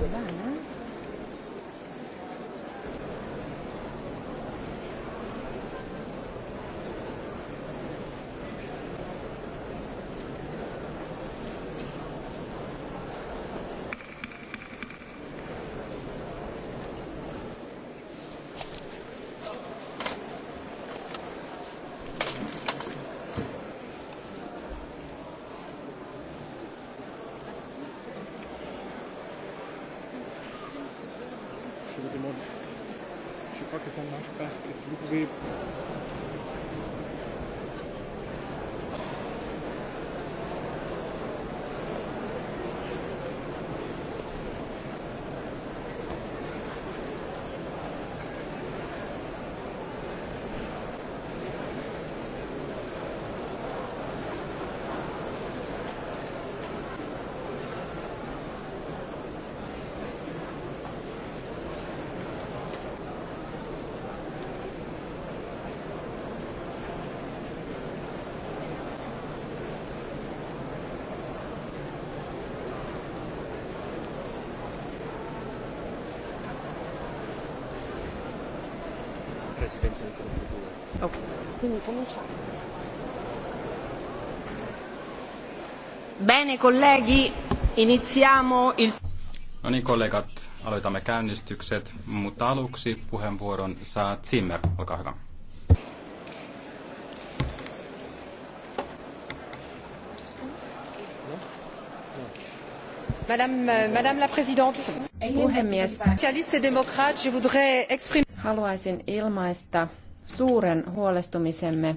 sửa bản á там наш царский слуг presidenza del Consiglio. Ok, quindi cominciamo. Bene, colleghi, iniziamo il... No niin, kollegat, aloitamme käynnistykset, mutta aluksi puheenvuoron saa Zimmer, olkaa hyvä. Madame, euh, Madame la Présidente, puhemies, socialistes et démocrates, je voudrais exprimer haluaisin ilmaista suuren huolestumisemme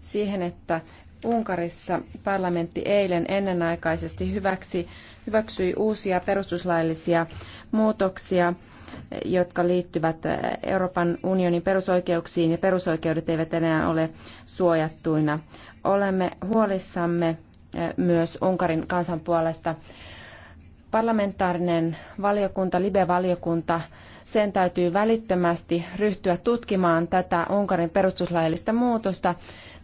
siihen, että Unkarissa parlamentti eilen ennenaikaisesti hyväksi, hyväksyi uusia perustuslaillisia muutoksia, jotka liittyvät Euroopan unionin perusoikeuksiin ja perusoikeudet eivät enää ole suojattuina. Olemme huolissamme eh, myös Unkarin kansan puolesta parlamentaarinen valiokunta, LIBE-valiokunta, sen täytyy välittömästi ryhtyä tutkimaan tätä Unkarin perustuslaillista muutosta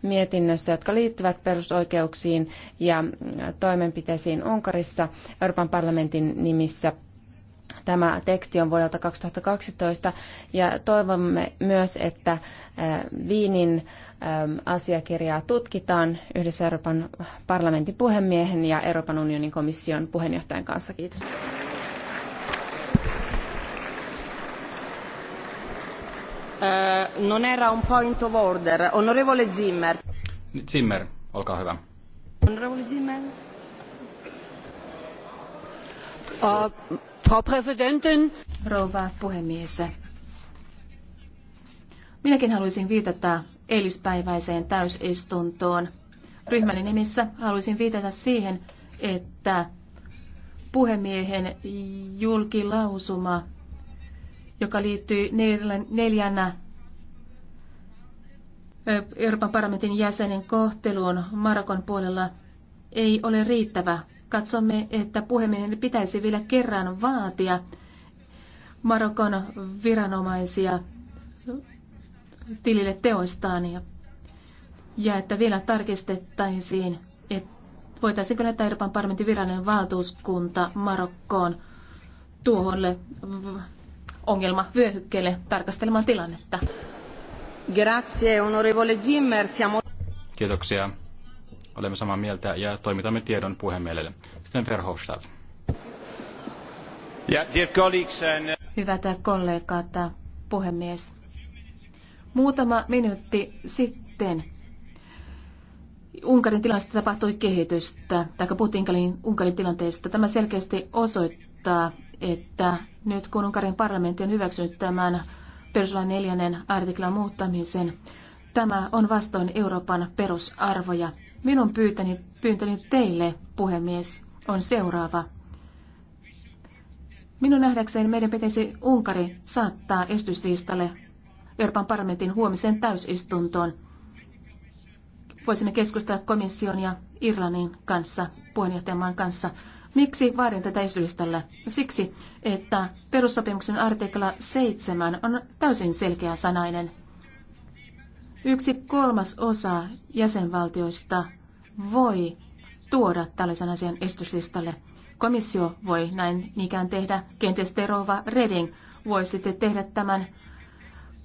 mietinnössä, jotka liittyvät perusoikeuksiin ja toimenpiteisiin Unkarissa Euroopan parlamentin nimissä Tämä teksti on vuodelta 2012 ja toivomme myös, että Viinin asiakirjaa tutkitaan yhdessä Euroopan parlamentin puhemiehen ja Euroopan unionin komission puheenjohtajan kanssa. Kiitos. non era un point of order. Onorevole Zimmer. Zimmer, olkaa hyvä. Onorevole Zimmer. Frau Präsidentin. Rouva puhemies. Minäkin haluaisin viitata eilispäiväiseen täysistuntoon. Ryhmäni nimissä haluaisin viitata siihen, että puhemiehen julkilausuma, joka liittyy neljänä Euroopan parlamentin jäsenen kohteluun Marokon puolella, ei ole riittävä Katsomme, että puhemiehen pitäisi vielä kerran vaatia Marokon viranomaisia tilille teoistaan ja, ja että vielä tarkistettaisiin, että voitaisiinko näitä Euroopan parlamentin virallinen valtuuskunta Marokkoon tuoholle ongelmavyöhykkeelle tarkastelemaan tilannetta. Grazie, onorevole Zimmer. Siamo... Kiitoksia olemme samaa mieltä ja toimitamme tiedon puhemielelle. Sten Verhofstadt. Uh, Hyvät kollegat, puhemies. Muutama minuutti sitten Unkarin tilanteesta tapahtui kehitystä, tai puhuttiin Unkarin tilanteesta. Tämä selkeästi osoittaa, että nyt kun Unkarin parlamentti on hyväksynyt tämän peruslain neljännen artiklan muuttamisen, tämä on vastoin Euroopan perusarvoja. Minun pyyntöni, pyyntöni teille, puhemies, on seuraava. Minun nähdäkseni meidän pitäisi Unkari saattaa estyslistalle Euroopan parlamentin huomiseen täysistuntoon. Voisimme keskustella komission ja Irlannin kanssa, puheenjohtajamaan kanssa. Miksi vaadin tätä esitystellä? Siksi, että perussopimuksen artikla 7 on täysin selkeä sanainen Yksi kolmas osa jäsenvaltioista voi tuoda tällaisen asian estyslistalle. Komissio voi näin ikään tehdä. Kenties Terova Reding voi sitten tehdä tämän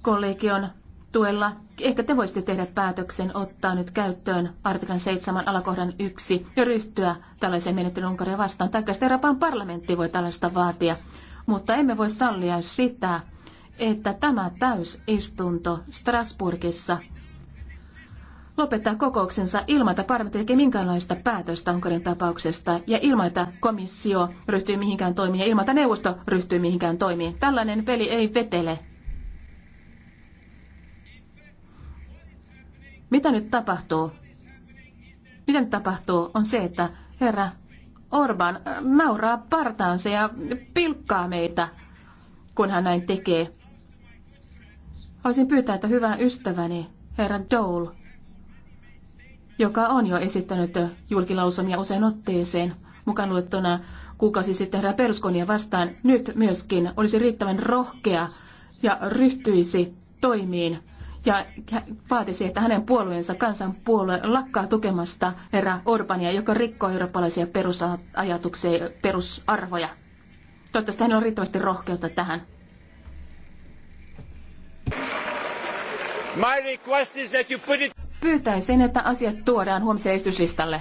kollegion tuella. Ehkä te voisitte tehdä päätöksen ottaa nyt käyttöön artiklan 7 alakohdan 1 ja ryhtyä tällaiseen menettelyyn Unkaria vastaan. Tai Euroopan parlamentti voi tällaista vaatia. Mutta emme voi sallia sitä, että tämä täysistunto Strasburgissa lopettaa kokouksensa ilman, että parlamentti tekee minkäänlaista päätöstä Unkarin tapauksesta ja ilman, että komissio ryhtyy mihinkään toimiin ja ilman, että neuvosto ryhtyy mihinkään toimiin. Tällainen peli ei vetele. Mitä nyt tapahtuu? Mitä nyt tapahtuu on se, että herra Orban äh, nauraa partaansa ja pilkkaa meitä, kun hän näin tekee. Haluaisin pyytää, että hyvä ystäväni, herra Dole, joka on jo esittänyt julkilausumia usein otteeseen, mukaan luettuna kuukausi sitten herra Perskonia vastaan, nyt myöskin olisi riittävän rohkea ja ryhtyisi toimiin ja vaatisi, että hänen puolueensa kansanpuolue lakkaa tukemasta herra Orbania, joka rikkoo eurooppalaisia perusajatuksia ja perusarvoja. Toivottavasti hänellä on riittävästi rohkeutta tähän. My request is that you put it... Pyytäisin, että asiat tuodaan huomisen esityslistalle.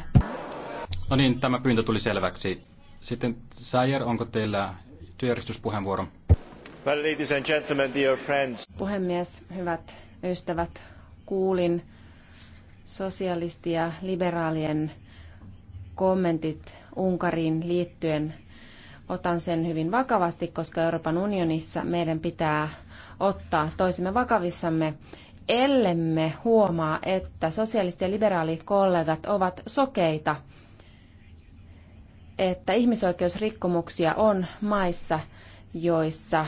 No niin, tämä pyyntö tuli selväksi. Sitten Sayer, onko teillä työjärjestyspuheenvuoro? Well, ladies and gentlemen, dear friends. Puhemies, hyvät ystävät, kuulin sosialistia, ja liberaalien kommentit Unkariin liittyen otan sen hyvin vakavasti, koska Euroopan unionissa meidän pitää ottaa toisimme vakavissamme ellemme huomaa, että sosiaaliset ja liberaalikollegat ovat sokeita, että ihmisoikeusrikkomuksia on maissa, joissa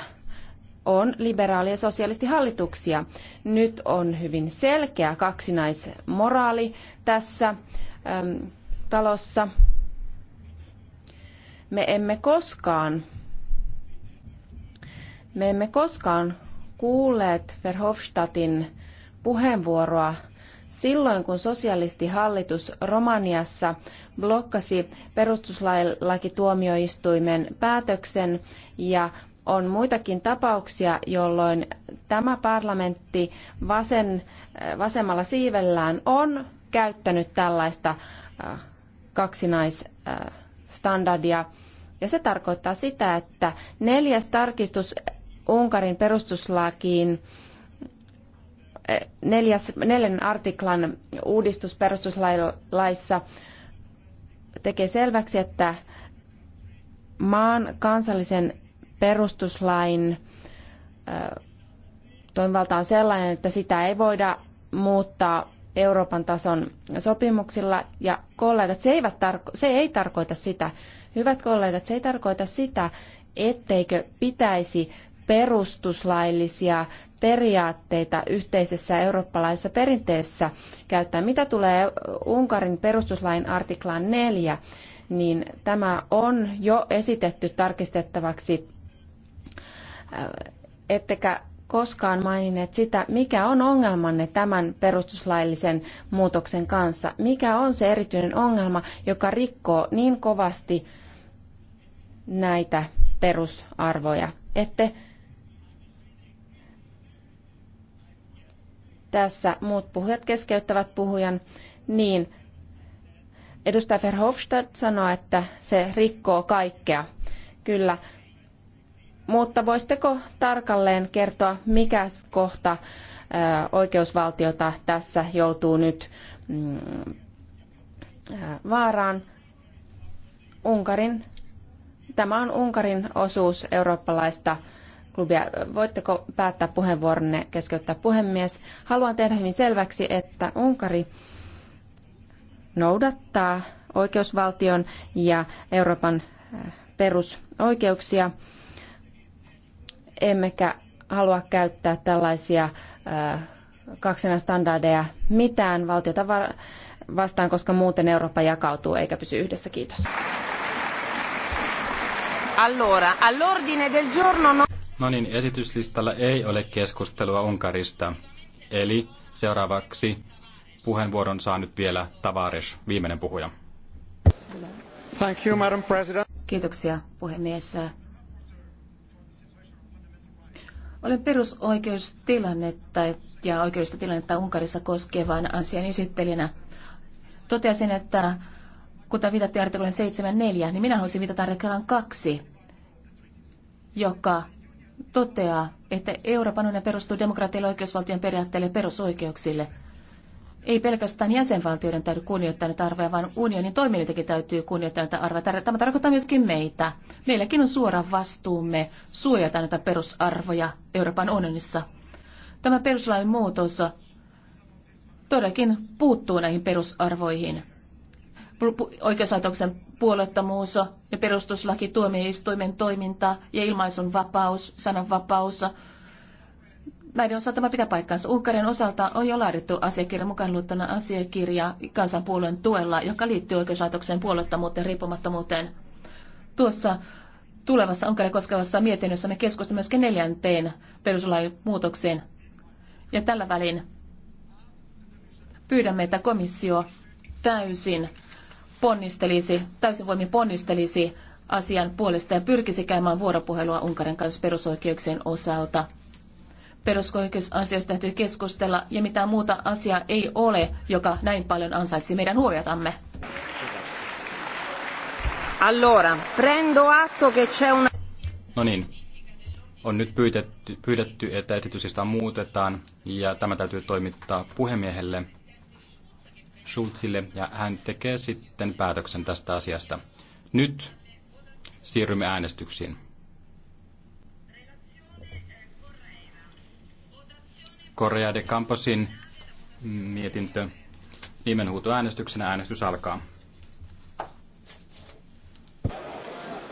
on liberaali- ja sosiaalistihallituksia. Nyt on hyvin selkeä kaksinaismoraali tässä äm, talossa. Me emme koskaan me emme koskaan kuulleet Verhofstadtin puheenvuoroa silloin, kun sosialistihallitus Romaniassa blokkasi perustuslakituomioistuimen päätöksen ja on muitakin tapauksia, jolloin tämä parlamentti vasen, vasemmalla siivellään on käyttänyt tällaista äh, kaksinaisstandardia. Ja se tarkoittaa sitä, että neljäs tarkistus Unkarin perustuslakiin neljäs, neljän artiklan uudistus perustuslaissa tekee selväksi, että maan kansallisen perustuslain toimivalta on sellainen, että sitä ei voida muuttaa Euroopan tason sopimuksilla. Ja kollegat, se, eivät tarko- se ei tarkoita sitä, hyvät kollegat, se ei tarkoita sitä, etteikö pitäisi perustuslaillisia periaatteita yhteisessä eurooppalaisessa perinteessä käyttää. Mitä tulee Unkarin perustuslain artiklaan 4, niin tämä on jo esitetty tarkistettavaksi, äh, ettekä koskaan maininneet sitä, mikä on ongelmanne tämän perustuslaillisen muutoksen kanssa. Mikä on se erityinen ongelma, joka rikkoo niin kovasti näitä perusarvoja. Ette tässä muut puhujat keskeyttävät puhujan, niin edustaja Verhofstadt sanoi, että se rikkoo kaikkea. Kyllä. Mutta voisitteko tarkalleen kertoa, mikä kohta oikeusvaltiota tässä joutuu nyt mm, vaaraan? Unkarin, tämä on Unkarin osuus eurooppalaista klubia. Voitteko päättää puheenvuoronne, keskeyttää puhemies? Haluan tehdä hyvin selväksi, että Unkari noudattaa oikeusvaltion ja Euroopan äh, perusoikeuksia, emmekä halua käyttää tällaisia äh, kaksena standardeja mitään valtiota vastaan, koska muuten Eurooppa jakautuu eikä pysy yhdessä. Kiitos. Allora, all'ordine del giorno... No- No niin, esityslistalla ei ole keskustelua Unkarista. Eli seuraavaksi puheenvuoron saa nyt vielä Tavares, viimeinen puhuja. Thank you, Madam President. Kiitoksia, puhemies. Olen perusoikeustilannetta ja oikeudesta tilannetta Unkarissa koskevan asian esittelijänä. Toteasin, että kuten viitattiin artiklan 7.4, niin minä haluaisin viitata artiklan 2, joka toteaa, että Euroopan unioni perustuu demokratialle, oikeusvaltion periaatteille ja perusoikeuksille. Ei pelkästään jäsenvaltioiden täytyy kunnioittaa näitä arvoja, vaan unionin toiminnitakin täytyy kunnioittaa näitä arvoja. Tämä tarkoittaa myöskin meitä. Meilläkin on suora vastuumme suojata näitä perusarvoja Euroopan unionissa. Tämä peruslain muutos todellakin puuttuu näihin perusarvoihin oikeuslaitoksen puolettomuus ja perustuslaki, tuomioistuimen toiminta ja ilmaisun vapaus, sananvapaus. Näiden osalta tämä pitää paikkaansa. Unkarin osalta on jo laadittu asiakirja, mukaan luettuna asiakirja kansanpuolueen tuella, joka liittyy oikeuslaitoksen puolettomuuteen ja riippumattomuuteen. Tuossa tulevassa Unkarin koskevassa mietinnössä me keskustelemme myöskin neljänteen perustuslain muutokseen. Ja tällä välin pyydämme, että komissio täysin ponnistelisi, täysin voimin ponnistelisi asian puolesta ja pyrkisi käymään vuoropuhelua Unkarin kanssa perusoikeuksien osalta. Perusoikeusasioista täytyy keskustella ja mitään muuta asiaa ei ole, joka näin paljon ansaitsi meidän huomiotamme. Allora, prendo atto che c'è una... No niin, on nyt pyydetty, pyydetty että esitysistä muutetaan ja tämä täytyy toimittaa puhemiehelle. Schulzille ja hän tekee sitten päätöksen tästä asiasta. Nyt siirrymme äänestyksiin. Korea de Camposin mietintö. äänestyksenä äänestys alkaa.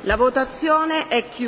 La votazione è chiusa.